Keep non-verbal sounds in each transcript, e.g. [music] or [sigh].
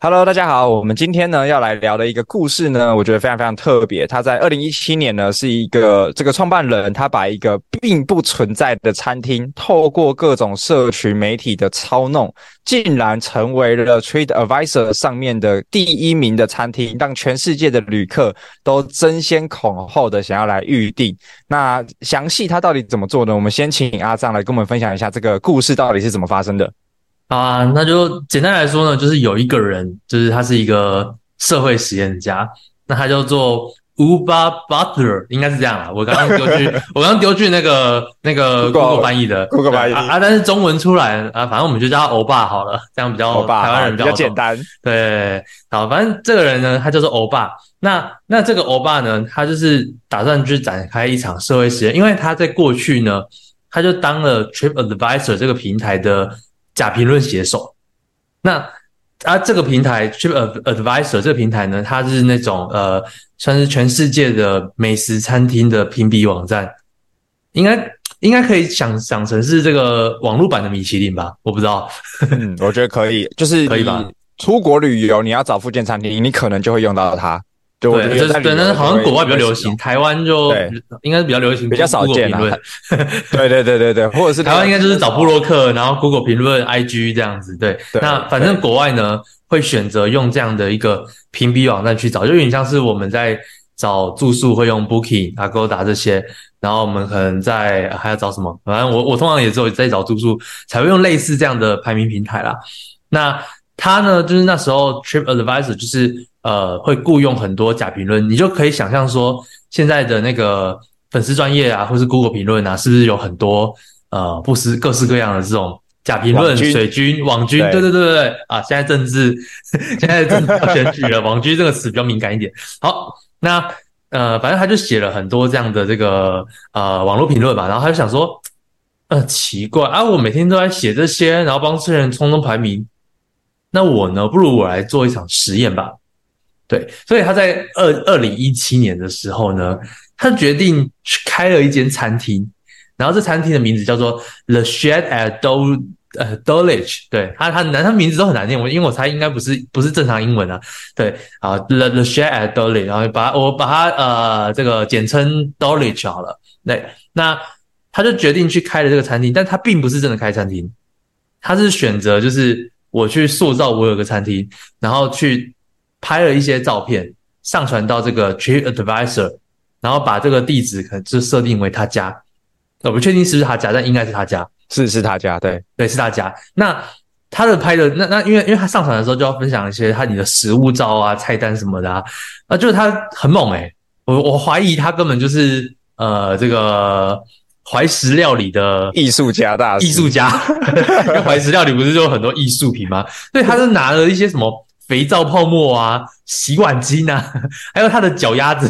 哈嘍，大家好，我們今天呢要來聊的一個故事呢，我覺得非常非常特別。他在二零一七年呢，是一個這個創辦人，他把一個並不存在的餐廳，透過各種社群媒體的操弄，竟然成為了 TripAdvisor 上面的第一名的餐廳，讓全世界的旅客都爭先恐後的想要來預定。那詳細他到底怎麼做呢？我們先請阿璋來跟我們分享一下這個故事到底是怎麼發生的。啊，那就簡單來說呢，就是有一個人，就是他是一個社會實驗家，那他叫做歐巴 Butler，應該是這樣啦、啊。我剛剛丟去， [laughs] 我剛剛丟去那個那個 Google 翻譯的，Google 翻譯啊，啊，但是中文出來啊，反正我們就叫他歐巴好了，這樣比較臺灣人比較、啊、比較簡單。對，好，反正這個人呢，他叫做歐巴。那那這個歐巴呢，他就是打算去展開一場社會實驗，因為他在過去呢，他就當了 Trip Advisor 這個平台的。假評論寫手，那啊這個平台 Tripadvisor 這個平台呢，它是那種呃算是全世界的美食餐廳的評比網站，應該應該可以想想成是這個網絡版的米其林吧？我不知道， [laughs] 我覺得可以，就是可以吧，出國旅遊你要找附近餐廳，你可能就會用到它。就就對，就是對，但是好像國外比較流行，台灣就應該是比較流行，比較少見啊、啊、對，對，對，對，對，或者是、那個、台灣應該就是找部落客，然後 Google 評論、嗯、IG 這樣子對。對，那反正國外呢會選擇用這樣的一個評比網站去找，就有點像是我們在找住宿會用 Booking、啊，Agoda 這些，然後我們可能在、啊、還要找什麼，反正我我通常也只有在找住宿才會用類似這樣的排名平台啦。那他呢，就是那時候 TripAdvisor 就是。呃，會雇傭很多假評論，你就可以想象說，現在的那個粉絲專頁啊，或是 Google 評論啊，是不是有很多呃，不，是各式各樣的這種假評論、水軍、網軍？對對對對對，對啊！現在政治，現在政治要選舉了， [laughs] 網軍這個詞比較敏感一點。好，那呃，反正他就寫了很多這樣的這個呃網絡評論吧，然後他就想說，呃，奇怪啊，我每天都在寫這些，然後幫這些人衝衝排名，那我呢，不如我來做一場實驗吧。對，所以他在二二零一七年的時候呢，他決定去開了一間餐廳，然後這餐廳的名字叫做 The Shed at Dol 呃 Dolich，對他他他名字都很難念，我因為我猜應該不是不是正常英文啊，對啊 The、uh, The Shed at Dolich，然後把我把它，我把它呃這個簡稱 Dolich 好了，對那他就決定去開了這個餐廳，但他並不是真的開餐廳，他是選擇就是我去塑造我有個餐廳，然後去。拍了一些照片，上傳到這個 Trip Advisor，然後把這個地址可能就設定為他家，我不確定是不是他家，但應該是他家，是是他家，對對是他家。那他的拍的那那因為因為他上傳的時候就要分享一些他你的食物照啊、菜單什麼的啊，那就是他很猛誒、欸，我我懷疑他根本就是呃這個懷石料理的藝術家大師，藝術家，那 [laughs] 懷石料理不是就有很多藝術品嗎？ [laughs] 所以他是拿了一些什麼？肥皂泡沫啊，洗碗巾啊，還有他的腳丫子，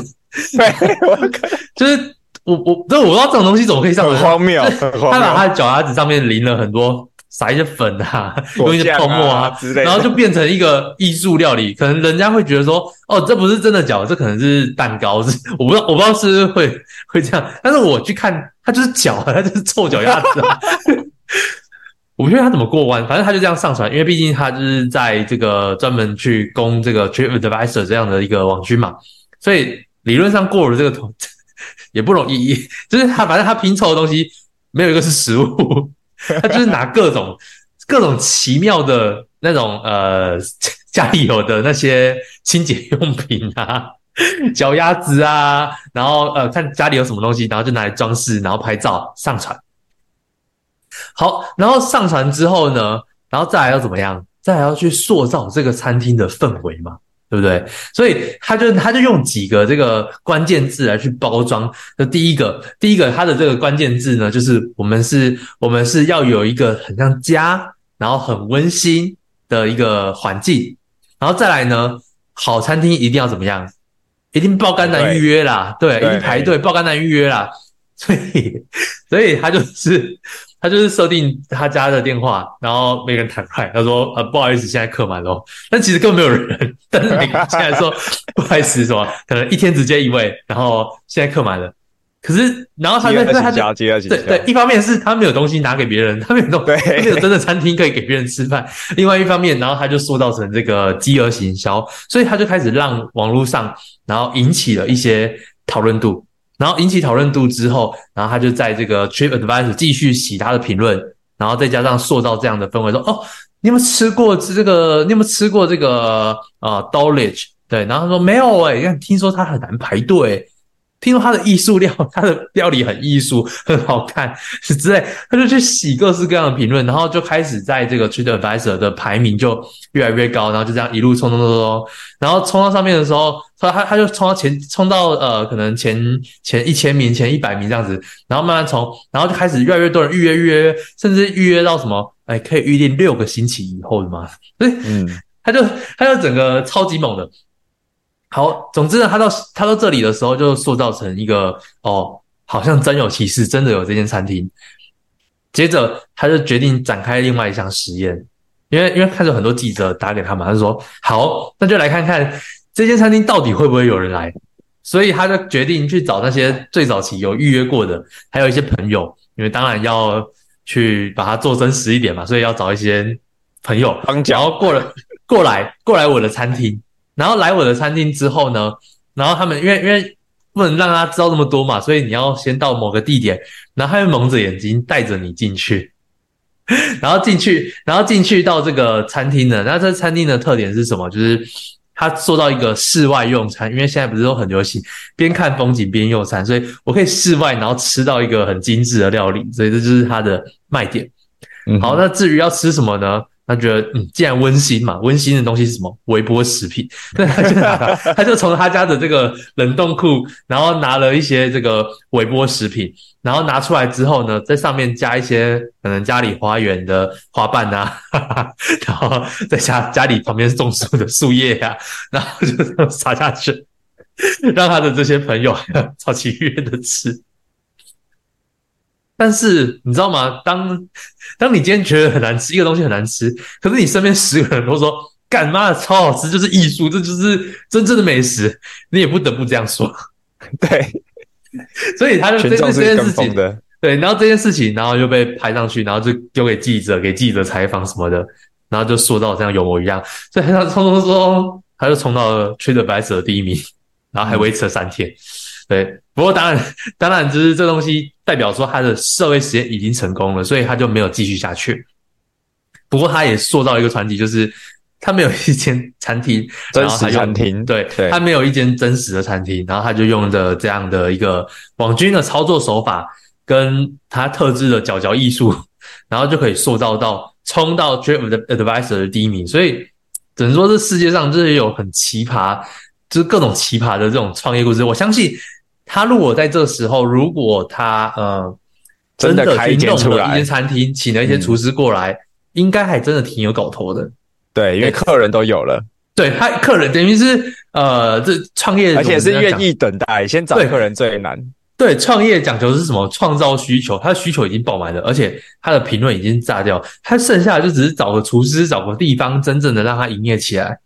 對，我 [laughs] 就是我我這我不知道這種東西怎麼可以上來，很荒謬，就是，很荒謬。他把他的腳丫子上面淋了很多撒一些粉啊，啊，用一些泡沫啊然後就變成一個藝術料理，可能人家會覺得說，哦，這不是真的腳，這可能是蛋糕，是我不知道我不知道是不是會會這樣，但是我去看，他就是腳，他就是臭腳丫子啊。 [laughs] [laughs] 我不知道他怎麼過彎，反正他就這樣上傳，因為畢竟他就是在這個專門去攻這個 TripAdvisor 這樣的一個網軍嘛，所以理論上過了這個頭也不容易。就是他反正他拼湊的東西沒有一個是實物，他就是拿各種各種奇妙的那種呃家裡有的那些清潔用品啊、腳丫子啊，然後呃看家裡有什麼東西，然後就拿來裝飾，然後拍照上傳。好，然後上傳之後呢，然後再來要怎麼樣？再來要去塑造這個餐廳的氛圍嘛，對不對？所以他就，他就用幾個這個關鍵字來去包裝。就第一個，第一個他的這個關鍵字呢，就是我們是我們是要有一個很像家，然後很溫馨的一個環境。然後再來呢，好餐廳一定要怎麼樣？一定爆肝難預約啦，對，對對一定排隊爆肝難預約啦。所以，所以他就是。他就是設定他家的電話，然後沒人坦率，他說：“呃、啊，不好意思，現在客滿了，但其實根本沒有人。但是你現在說 [laughs] 不好意思什麼，可能一天只接一位，然後現在客滿了。可是，然後他那他就對對，一方面是他沒有東西拿給別人，他沒有東西，對沒有真的餐廳可以給別人吃飯。另外一方面，然後他就塑造成這個飢餓行銷，所以他就開始讓網絡上，然後引起了一些討論度。然後引起討論度之後，然後他就在這個 Trip Advisor 繼續洗他的評論，然後再加上塑造這樣的氛圍說，說哦，你有沒有吃過這個？你有沒有吃過這個啊、呃、？Dulwich 對，然後他說沒有哎、欸，聽說他很難排隊、欸。聽說他的藝術料，他的料理很藝術，很好看之類，他就去洗各式各樣的評論，然後就開始在這個 TripAdvisor 的排名就越來越高，然後就這樣一路衝衝衝衝，然後衝到上面的時候，他他他就衝到前，衝到呃可能前前一千名前一百名這樣子，然後慢慢衝，然後就開始越來越多人預約預約，甚至預約到什麼哎、欸、可以預定六個星期以後的嘛，對，嗯，他就他就整個超級猛的。好，總之呢，他到他到這裡的時候，就塑造成一個哦，好像真有其事，真的有這間餐廳。接着，他就決定展開另外一項實驗，因為因為看到很多記者打給他嘛，他就說：“好，那就來看看這間餐廳到底會不會有人來。”所以，他就決定去找那些最早期有預約過的，還有一些朋友，因為當然要去把它做真實一點嘛，所以要找一些朋友，然後過，過來過來過來我的餐廳。然後來我的餐廳之後呢，然後他們因為因為不能讓他知道那麼多嘛，所以你要先到某個地點，然後他就蒙着眼睛帶着你進去，然後進去，然後進去到這個餐廳呢。那這餐廳的特點是什麼？就是他做到一個室外用餐，因為現在不是都很流行邊看風景邊用餐，所以我可以室外然後吃到一個很精致的料理，所以這就是它的賣點。好，嗯，那至於要吃什麼呢？他覺得，嗯，既然溫馨嘛，溫馨的東西是什麼？微波食品。對， [laughs] 他就拿，他就從他家的這個冷凍庫，然後拿了一些這個微波食品，然後拿出來之後呢，在上面加一些可能家裡花園的花瓣啊， [laughs] 然後在家家裡旁邊種樹的樹葉啊，然後就這樣撒下去，讓他的這些朋友呵呵超級願意的吃。但是你知道嗎？當當你今天覺得很難吃，一個東西很難吃，可是你身邊十個人都說乾媽的超好吃，就是藝術，這就是真正的美食，你也不得不這樣說。 [laughs] 對，所以他就針對這件事情，對，然後這件事情，然後又被拍上去，然後就丟給記者，給記者採訪什麼的，然後就說到這樣有模有樣，所以他匆匆說，他就衝到了 TripAdvisor 第一名，然後還維持了三天。對，不過當然當然，就是這東西。代表說他的社會實驗已經成功了，所以他就沒有繼續下去。不過他也塑造一個傳奇，就是他沒有一間餐廳，真實餐廳，他對，對，他沒有一間真實的餐廳，然後他就用著這樣的一個網軍的操作手法，跟他特製的腳腳藝術，然後就可以塑造到衝到 TripAdvisor 的第一名。所以只能說，這世界上就是有很奇葩，就是各種奇葩的這種創業故事。我相信。他如果在這時候，如果他呃真的，真的開動了一間餐廳，請了一些廚師過來，嗯、應該還真的挺有搞頭的對。對，因為客人都有了。對，他客人等於是呃，這創業，而且是願意等待對，先找客人最難。對，創業講求是什麼？創造需求，他的需求已經爆滿了，而且他的評論已經炸掉，他剩下的就只是找個廚師，找個地方，真正的讓他營業起來，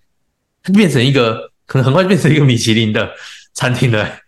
他變成一個可能很快就變成一個米其林的餐廳的、欸。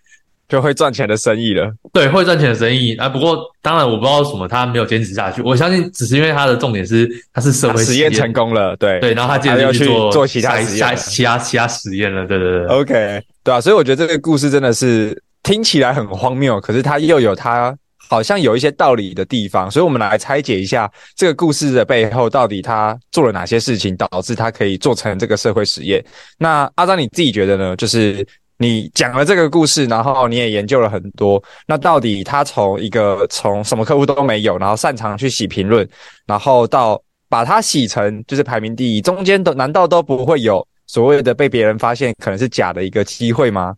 就會賺錢的生意了，對，會賺錢的生意啊。不過，當然我不知道什麼，他沒有堅持下去。我相信，只是因為他的重點是，他是社會實驗，實驗成功了，對對。然後他接着要去，去做其他實驗了，其他其他其他實驗了，對對對。OK，對啊。所以我覺得這個故事真的是聽起來很荒謬，可是它又有它好像有一些道理的地方。所以，我們來拆解一下這個故事的背後，到底他做了哪些事情，導致他可以做成這個社會實驗？那阿璋你自己覺得呢？就是。你講了這個故事，然後你也研究了很多。那到底他從一個從什麼客戶都沒有，然後擅長去洗評論，然後到把它洗成就是排名第一，中間都難道都不會有所謂的被別人發現可能是假的一個機會嗎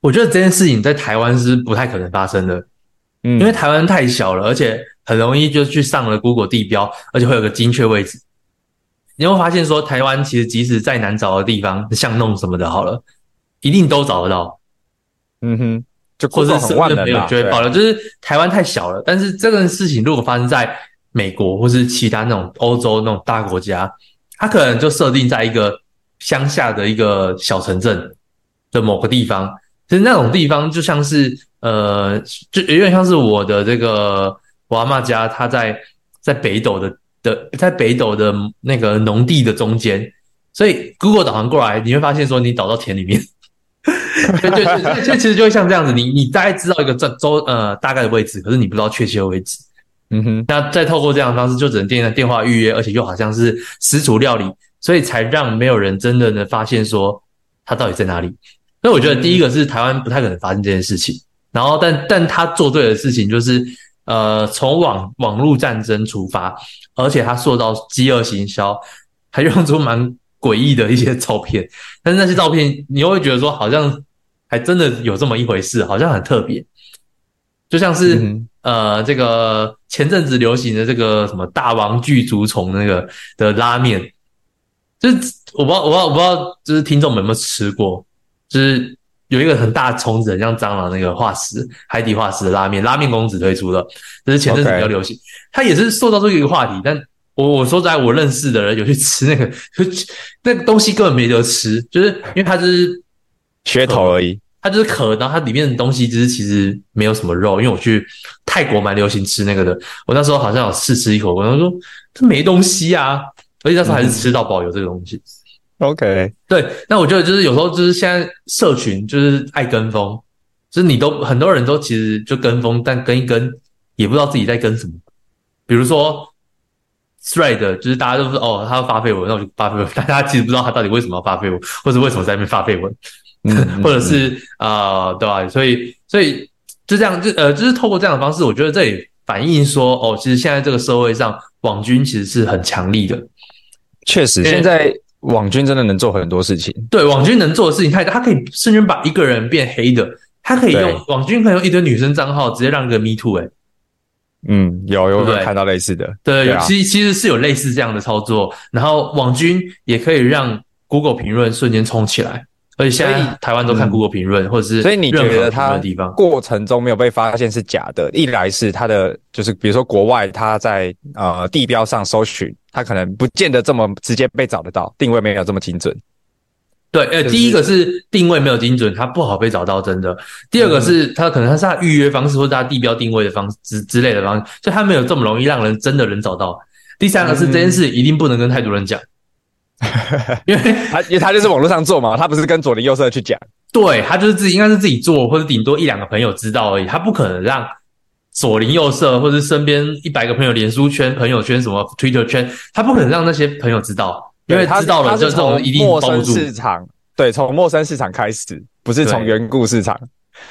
我覺得這件事情在台灣是不太可能發生的，嗯，因為台灣太小了，而且很容易就去上了 Google 地標，而且會有個精確位置。你有沒有發現說，台灣其實即使再難找的地方，巷弄什麼的，好了。一定都找得到，嗯哼，就很或者是就沒有就會保留，就是台灣太小了，但是這個事情如果發生在美國或是其他那種歐洲那種大國家，它可能就設定在一個鄉下的一個小城鎮的某個地方。其實那種地方就像是呃，就有點像是我的這個我阿媽家他，她在在北斗的的在北斗的那個農地的中間，所以 Google 導航過來你會發現說你導到田裡面。 [laughs] 對，對對，所以其實就會像這樣子，你、你大概知道一個這周呃大概的位置，可是你不知道確切的位置。嗯哼，那再透過這樣的方式，就只能訂電話預約，而且又好像是私廚料理，所以才讓沒有人真正的能發現說他到底在哪裡。那我覺得第一個是台灣不太可能發生這件事情。然後但，但但他做對的事情就是呃從網網絡戰爭出發，而且他受到飢餓行銷，還用出蠻詭異的一些照片。但是那些照片，你又會覺得說好像。還真的有這麼一回事，好像很特別，就像是、嗯、呃，這個前陣子流行的這個什麼大王具足蟲那個的拉麵，就是我不知道，我不知道，我不知道，就是聽眾們有沒有吃過？就是有一個很大蟲子，很像蟑螂那個化石，海底化石的拉麵，拉麵公子推出的，這是前陣子比較流行，okay。它也是受到這個一個話題。但我我說實在，我認識的人有去吃那個，就那個東西根本沒得吃，就是因為它就是。噱頭而已，它、嗯、就是殼，然後它裡面的東西就是其實沒有什麼肉。因為我去泰國蠻流行吃那個的，我那時候好像有試吃一口，我那時候說這沒東西啊，而且那時候還是吃到飽有這個東西、嗯。OK，對，那我覺得就是有時候就是現在社群就是愛跟風，就是你都很多人都其實就跟風，但跟一跟也不知道自己在跟什麼。比如說，Thread 就是大家都說哦，他要發廢文，那我就發廢文，但大家其實不知道他到底為什麼要發廢文，或者為什麼在那邊發廢文。 [laughs] 或者是呃，對吧？所以，所以就這樣就，呃，就是透過這樣的方式，我覺得這也反映說，哦，其實現在這個社會上，網軍其實是很強力的。確實，現在網軍真的能做很多事情。對，網軍能做的事情太他，他可以瞬間把一個人變黑的。他可以用網軍可以用一堆女生賬號直接讓一個 Me Too、欸。哎，嗯，有有看到類似的，對，對，對啊、其實其實是有類似這樣的操作。然後網軍也可以讓 Google 評論瞬間衝起來。所以現在台灣都看 Google 評論，嗯，或者是地方。所以你覺得他過程中沒有被發現是假的？一來是他的就是比如說國外他在呃地標上搜尋，他可能不見得這麼直接被找得到，定位沒有這麼精準。對，呃，是是第一個是定位沒有精準，他不好被找到，真的。第二個是他可能他是預約方式或者他地標定位的方式之類的方式，所以他沒有這麼容易讓人真的能找到。第三個是這件事一定不能跟太多人講。嗯因為他，因為他就是網絡上做嘛，他不是跟左鄰右舍去講。 [laughs] 對，他就是自己，應該是自己做，或者頂多一兩個朋友知道而已。他不可能讓左鄰右舍或者身邊一百個朋友連書圈、朋友圈、什麼推特圈，他不可能讓那些朋友知道，因為知道了就是從陌生市場。對，從陌生市場開始，不是從緣故市場。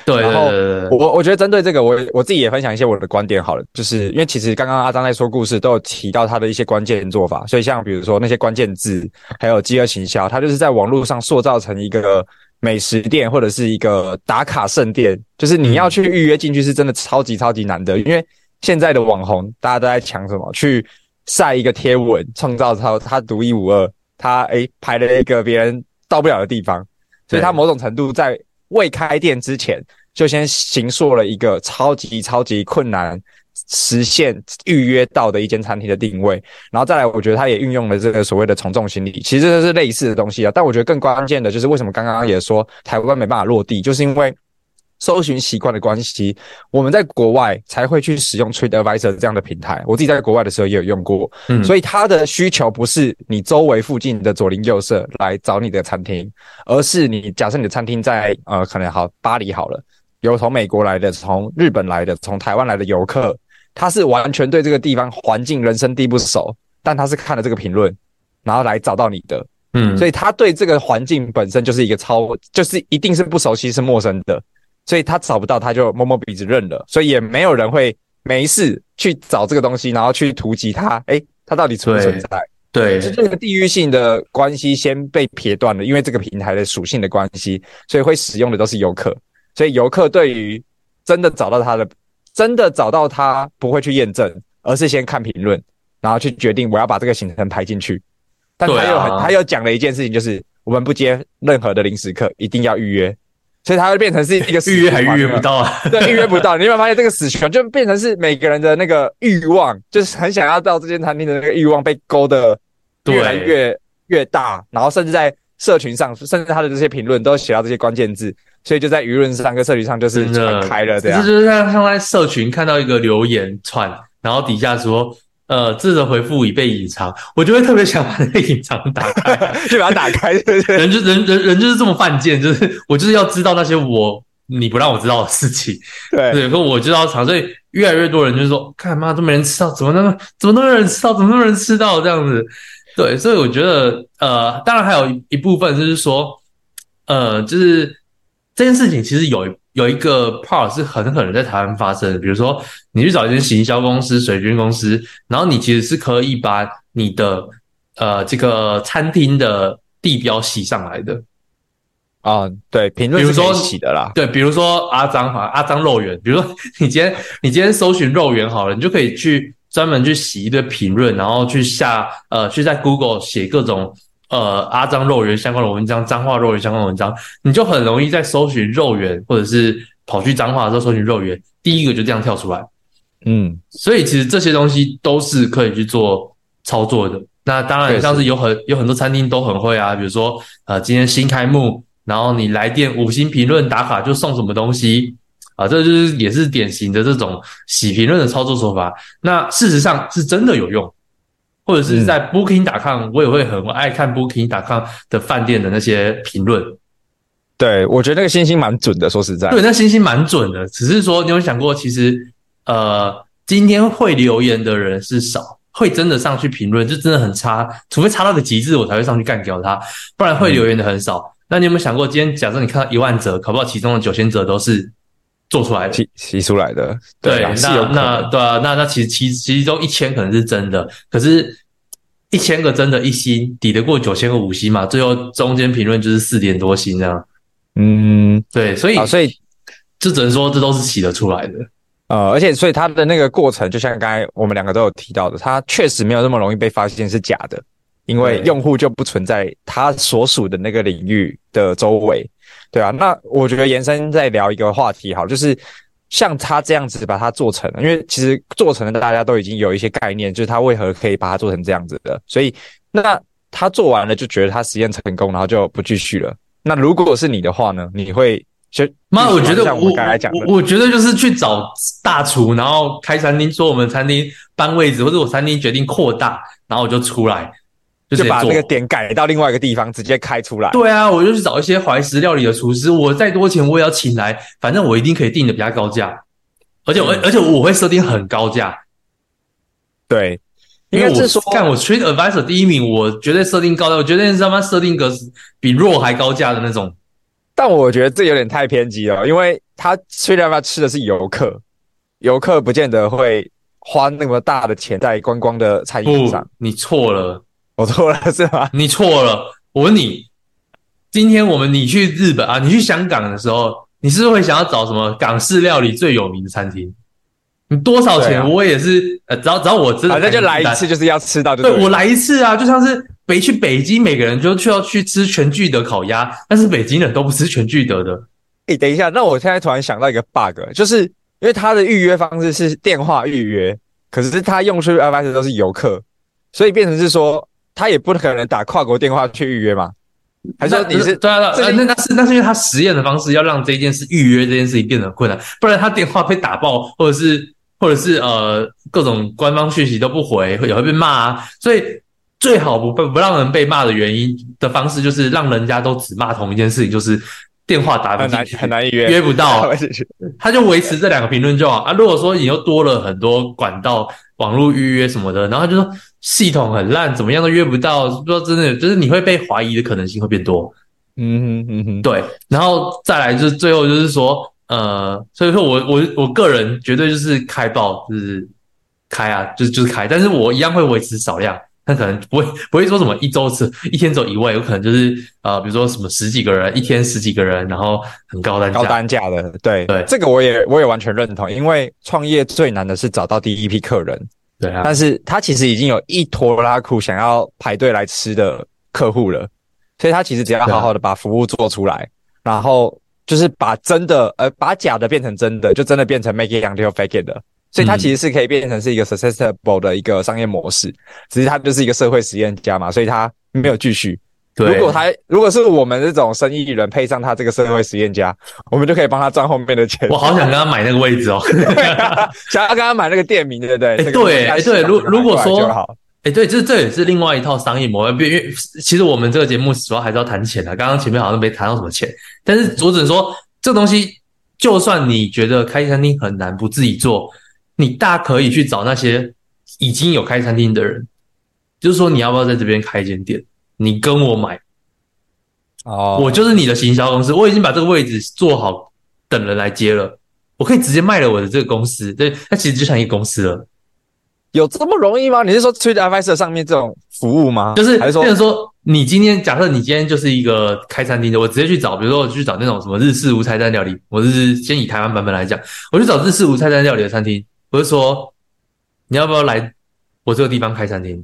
對，對，然後我我覺得針對這個，我我自己也分享一些我的觀點好了，就是因為其實剛剛阿璋在說故事，都有提到他的一些關鍵做法，所以像比如說那些關鍵字，還有飢餓行銷，他就是在網絡上塑造成一個美食店或者是一個打卡聖殿，就是你要去預約進去是真的超級超級難的，嗯，因為現在的網紅大家都在搶什麼，去曬一個貼文，創造他他獨一無二，他誒拍、欸、了一個別人到不了的地方，所以他某種程度在。未開店之前，就先行做了一個超級超級困難實現預約到的一間餐廳的定位，然後再來，我覺得他也運用了這個所謂的從眾心理，其實這是類似的東西啊。但我覺得更關鍵的就是，為什麼剛剛也說台灣沒辦法落地，就是因為。搜尋習慣的關係，我們在國外才會去使用 TripAdvisor 這樣的平台。我自己在國外的時候也有用過，嗯，所以它的需求不是你周圍附近的左鄰右舍來找你的餐廳，而是你假設你的餐廳在呃，可能好巴黎好了，有從美國來的、從日本來的、從台灣來的遊客，他是完全對這個地方環境人生地不熟，但他是看了這個評論，然後來找到你的，嗯，所以他對這個環境本身就是一個超，就是一定是不熟悉、是陌生的。所以他找不到，他就摸摸鼻子認了。所以也沒有人會沒事去找這個東西，然後去突擊它。哎，它到底存不存在？對，是這個地域性的關係先被撇斷了，因為這個平台的屬性的關係，所以會使用的都是遊客。所以遊客對於真的找到他的，真的找到他不會去驗證，而是先看評論，然後去決定我要把這個行程排進去。但他又很、啊、他又講了一件事情，就是我們不接任何的臨時客，一定要預約。所以它會變成是一個死循環，預約還預約不到啊，你有沒有，對，預約不到。你有沒有發現這個死循環就變成是每個人的那個慾望，就是很想要到這間餐廳的那個慾望被勾得越來越對越大，然後甚至在社群上，甚至他的這些評論都寫到這些關鍵字，所以就在輿論上跟社群上就是傳開了這樣，是就是他像在社群看到一個留言串，然後底下說。呃，這則回復已被隱藏，我就會特別想把那個隱藏打開，就 [laughs] 把它打開是不是。人就人人人就是這麼犯賤，就是我就是要知道那些我你不讓我知道的事情，對，所以我就要查。所以越來越多人就是說，幹嘛都沒人吃到，怎麼那麼怎麼那麼多人吃到，怎麼那麼多人吃到這樣子？對，所以我覺得，呃，當然還有一部分就是說，呃，就是這件事情其實有，一有一個 part 是很可能在台灣發生的，比如說你去找一些行銷公司、水軍公司，然後你其實是可以把你的呃這個餐廳的地標洗上來的啊，哦，對，評論是可以洗的啦，對，比如說阿璋哈、啊，阿璋肉圓，比如說你今天你今天搜尋肉圓好了，你就可以去專門去洗一堆評論，然後去下呃去在 Google 寫各種。呃，阿璋肉圓相關的文章，彰化肉圓相關的文章，你就很容易在搜尋肉圓，或者是跑去彰化的時候搜尋肉圓，第一個就這樣跳出來。嗯，所以其實這些東西都是可以去做操作的。那當然，像是有很是有很多餐廳都很會啊，比如說呃，今天新開幕，然後你來店五星評論打卡就送什麼東西啊、呃，這就是也是典型的這種洗評論的操作手法。那事實上是真的有用。或者是在 Booking.com，我也會很愛看 Booking.com 的飯店的那些評論。對，我覺得那個星星蠻準的，說實在，對，那星星蠻準的。只是說，你有沒有想過，其實呃，今天會留言的人是少，會真的上去評論就真的很差，除非差到個極致，我才會上去幹掉他，不然會留言的很少。嗯、那你有沒有想過，今天假設你看到一萬則，搞不好其中的九千則都是？做出來洗洗出來的，對，對，那那對啊，那那其實其其中一千可能是真的，可是一千個真的，一星抵得過九千個五星嘛？最後中間評論就是四點多星啊，嗯，對，所以、啊、所以這只能說這都是洗得出來的，呃，而且所以它的那個過程，就像剛才我們兩個都有提到的，它確實沒有那麼容易被發現是假的，因為用戶就不存在他所屬的那個領域的周圍。對啊，那我覺得延伸再聊一個話題，好，就是像他這樣子把它做成了，因為其實做成了，大家都已經有一些概念，就是他為何可以把它做成這樣子的。所以，那他做完了就覺得他實驗成功，然後就不繼續了。那如果是你的話呢？你會就媽，我覺得我剛才講，我覺得就是去找大廚，然後開餐廳，說我們餐廳搬位置，或者我餐廳決定擴大，然後我就出來。就，就把那個點改到另外一個地方，直接開出來。對啊，我就去找一些懷石料理的廚師，我再多錢我也要請來，反正我一定可以定的比他高價，嗯，而且我而且我會設定很高價。對，應該是說，看我 TripAdvisor 第一名，我絕對設定高價，我絕對讓他設定個比弱還高價的那種。但我覺得這有點太偏激了，因為他雖然他吃的是遊客，遊客不見得會花那麼大的錢在觀光的餐飲上。你錯了。我錯了是吧？你錯了。我問你，今天我們你去日本啊，你去香港的時候，你是不是會想要找什麼港式料理最有名的餐廳？你多少錢？我也是。呃、啊，只要只要我真的，反、啊、正就來一次就是要吃到對。對，我來一次啊，就像是北去北京，每個人就就要去吃全聚德烤鴨，但是北京人都不吃全聚德的。哎、欸，等一下，那我現在突然想到一個 bug，就是因為他的預約方式是電話預約，可是他用出去 office 都是遊客，所以變成是說。他也不可能打跨國電話去預約嘛？還是你是抓到、對啊，對啊。那那那是那是因為他實驗的方式，要讓這件事預約這件事情變得困難，不然他電話被打爆，或者是或者是呃各種官方訊息都不回，也會，會被罵。啊。所以最好不被不讓人被罵的原因的方式，就是讓人家都只罵同一件事情，就是。電話打不進去，很難，約，很難約，約不到。 [laughs] 他就維持這兩個評論就好啊。如果說你又多了很多管道、網絡預約什麼的，然後他就說系統很爛，怎麼樣都約不到，說真的，就是你會被懷疑的可能性會變多。嗯哼嗯嗯，對。然後再來就是最後就是說，呃，所以說我我我個人絕對就是開爆，就是開啊，就是就是開，但是我一樣會維持少量。他可能不會不會說什麼一周吃一天走一位，有可能就是呃，比如說什麼十幾個人一天十幾個人，然後很高單價高單價的。對對，這個我也我也完全認同，因為創業最難的是找到第一批客人。對啊。但是他其實已經有一拖拉庫想要排隊來吃的客戶了，所以他其實只要好好的把服務做出來，啊、然後就是把真的呃把假的變成真的，就真的變成 make it until fake it 的。所以他其實是可以變成是一個 sustainable 的一個商業模式，只是他就是一個社會實驗家嘛，所以他沒有繼續。如果他，如果是我們這種生意人配上他這個社會實驗家，我們就可以幫他賺後面的錢。我好想跟他買那個位置哦， [laughs] 啊、想要跟他買那個店名，對不對？欸、就就對，哎對對，如如果說，哎、欸、對，這這也是另外一套商業模式。因為其實我們這個節目主要還是要談錢的，啊，剛剛前面好像沒談到什麼錢，但是主持人說這東西，就算你覺得開餐廳很難，不自己做。你大可以去找那些已經有開餐廳的人，就是說，你要不要在這邊開一間店？你跟我買，哦、oh.，我就是你的行銷公司，我已經把這個位置做好，等人來接了。我可以直接賣了我的這個公司，對，那其實就像一個公司了。有這麼容易嗎？你是說 TripAdvisor 上面這種服務嗎？就是還是說，說，你今天假設你今天就是一個開餐廳的，我直接去找，比如說我去找那種什麼日式無菜單料理，我就是先以台灣版本來講，我去找日式無菜單料理的餐廳。不是說你要不要來我這個地方開餐廳？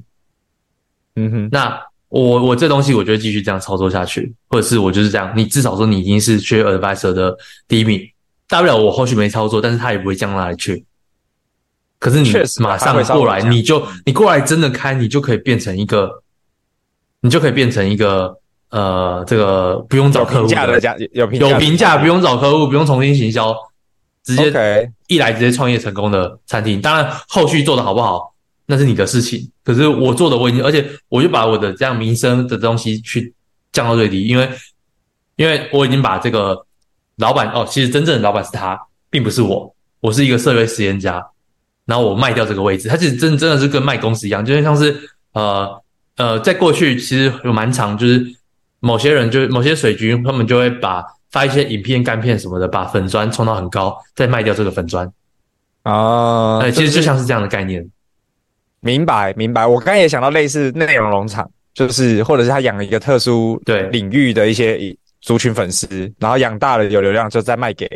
嗯哼，那我我這東西我就會繼續這樣操作下去，或者是我就是這樣。你至少說你已經是缺 advisor 的第一名，大不了我後續沒操作，但是他也不會降到哪裡去。可是你馬上過來，你就你過來真的開，你就可以變成一個，你就可以變成一個呃，這個不用找客戶的價，有評價，不用找客戶，不用重新行銷。直接一來直接創業成功的餐廳，okay，當然後續做的好不好，那是你的事情。可是我做的我已經，而且我就把我的這樣名聲的東西去降到最低，因為因為我已經把這個老闆哦，其實真正的老闆是他，並不是我，我是一個社會實驗家。然後我賣掉這個位置，他其實真的真的是跟賣公司一樣，就像、是、像是呃呃，在過去其實有蠻長，就是某些人就某些水軍，他們就會把。發一些影片、乾片什麼的，把粉專衝到很高，再賣掉這個粉專啊、呃欸！其實就像是這樣的概念，明白明白。我剛才也想到類似內容農場，就是或者是他養了一個特殊領域的一些族群粉絲，然後養大了有流量，就再賣給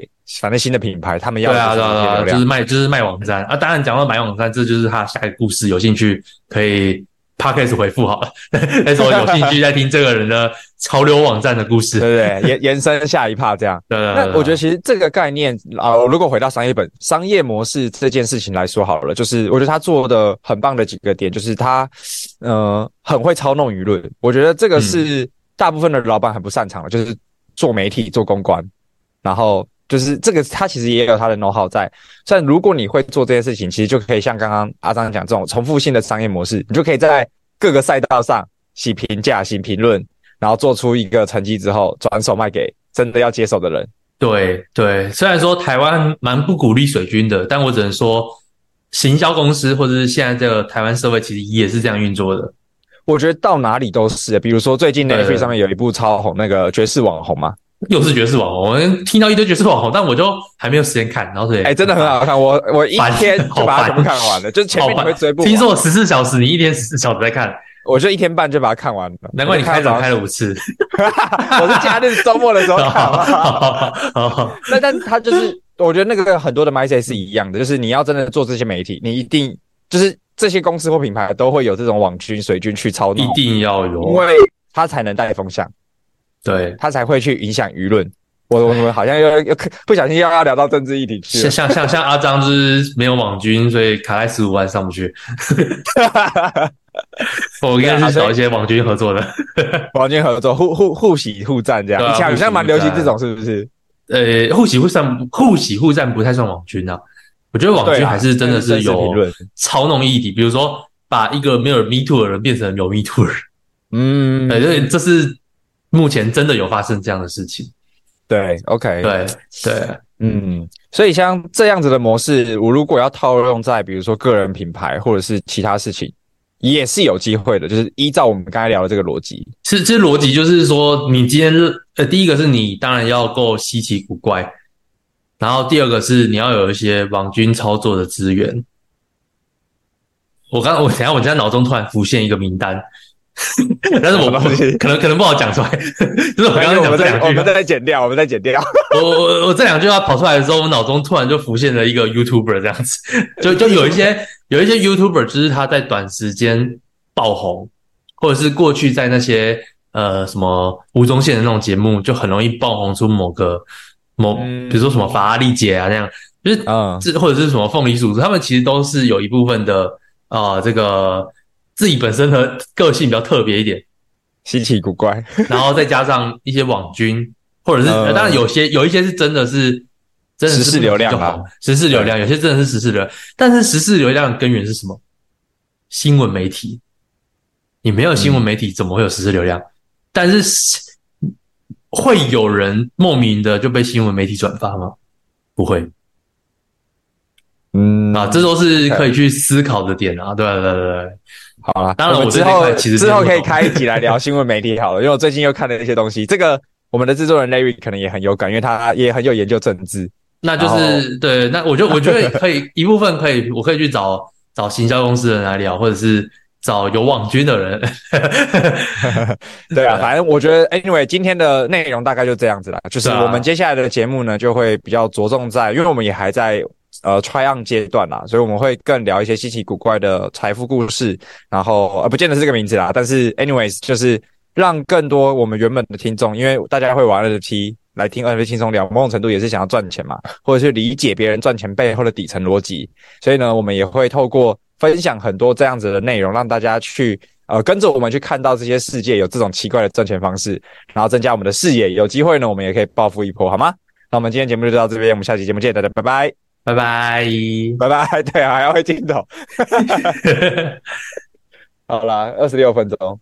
反正新的品牌，他們要、啊、就是賣就是賣網站啊。當然，講到買網站，這就是他下一個故事。有興趣可以。他開始回復好了， [laughs] 那時候有興趣在聽這個人的潮流網站的故事， [laughs] 對不對？延延伸下一趴這樣。 [laughs] 對對對對，那我覺得其實這個概念啊，如果回到商業本商業模式這件事情來說好了，就是我覺得他做的很棒的幾個點，就是他呃很會操弄輿論，我覺得這個是大部分的老闆很不擅長的，就是做媒體做公關，然後。就是這個，他其實也有他的 know how 在。雖然如果你會做這些事情，其實就可以像剛剛阿璋講這種重複性的商業模式，你就可以在各個賽道上寫評價、寫評論，然後做出一個成績之後，轉手賣給真的要接手的人。對對，雖然說台灣蠻不鼓勵水軍的，但我只能說，行銷公司或者是現在這個台灣社會，其實也是這樣運作的。我覺得到哪裡都是的，比如說最近 Netflix 上面有一部超紅對對那個《絕世網紅》嘛。又是爵士網紅，我聽到一堆爵士網紅，但我就還沒有時間看。然後對，哎、欸，真的很好看，我我一天就把它全部看完了，就是前面會追不完。聽說我十四小時，你一天十四小時在看，我就一天半就把它看完了。難怪你開早開了五次， [laughs] [laughs] 我是假日周末的時候看。看那， [laughs] 但他就是，我覺得那個很多的 MC [laughs] 是一樣的，就是你要真的做這些媒體，你一定就是這些公司或品牌都會有這種網軍、水軍去操作，一定要有，因為他才能帶風向。對，他才會去影響輿論。我我們好像又又不小心又要聊到政治議題去了。像像像像阿璋就是沒有網軍，所以卡在十五萬上不去。 [laughs] [laughs] 我應該是找一些網軍合作的，啊、網軍合作互互互喜互贊這樣。以前、啊、好像蠻流行這種，是不是？呃、哎，互喜互贊，互喜互贊不太算網軍啊。我覺得網軍還是真的是有操弄議題、啊，比如說把一個沒有 Me Too 的人變成有 Me Too 的人。嗯，對、哎，就是、這是。目前真的有發生這樣的事情，對，OK，對，對，嗯，所以像這樣子的模式，我如果要套用在比如說個人品牌或者是其他事情，也是有機會的。就是依照我們剛才聊的這個邏輯，是這邏輯就是說，你今天呃，第一個是你當然要夠稀奇古怪，然後第二個是你要有一些網軍操作的資源。我剛我等下，我在腦中突然浮現一個名單。 [laughs] 但是我可能，可能不好講出來。 [laughs] 就是我剛剛講這兩句，我們再剪掉，我們再剪掉。我我我這兩句話跑出來的時候，我腦中突然就浮現了一個 YouTuber 這樣子，就就有一些有一些 YouTuber，就是他在短時間爆紅，或者是過去在那些呃什麼吳宗憲的那種節目，就很容易爆紅出某個某，比如說什麼法拉利姐啊那樣，就是啊，或者是什麼鳳梨叔叔，他們其實都是有一部分的啊、呃、這個。自己本身的個性比較特別一點，稀奇古怪，然後再加上一些網軍，或者是、嗯、當然有些有一些是真的是，真的是時事流量啊，時事流量，有些真的是時事流量，但是時事流量的根源是什麼？新聞媒體，你沒有新聞媒體、嗯、怎麼會有時事流量？但是會有人莫名的就被新聞媒體轉發嗎？不會，嗯啊，這都是可以去思考的點啊，嗯、對，對對對。好了，當然我，我之後其實之後可以開一集來聊新聞媒體好了， [laughs] 因為我最近又看了一些東西。這個我們的製作人 Larry 可能也很有感，因為他也很有研究政治。那就是對，那我覺得我覺得可以 [laughs] 一部分可以，我可以去找 [laughs] 找行銷公司的人來聊，或者是找有網軍的人。 [laughs] [laughs] 對啊，反正我覺得 anyway，今天的內容大概就這樣子了，就是我們接下來的節目呢，就會比較着重在，因為我們也還在。呃，try on 階段啦，所以我們會更聊一些稀奇古怪的財富故事，然後呃，不見得是這個名字啦，但是 anyways，就是讓更多我們原本的聽眾，因為大家會玩 NFT 來聽二飛輕鬆聊，某種程度也是想要賺錢嘛，或者是理解別人賺錢背後的底層邏輯，所以呢，我們也會透過分享很多這樣子的內容，讓大家去呃跟着我們去看到這些世界有這種奇怪的賺錢方式，然後增加我們的視野，有機會呢，我們也可以暴富一波，好嗎？那我們今天節目就到這邊，我們下期節目見，大家拜拜。拜拜，拜拜，對啊， [laughs] 還要會鏡頭， [laughs] [laughs] 好啦，二十六分鐘。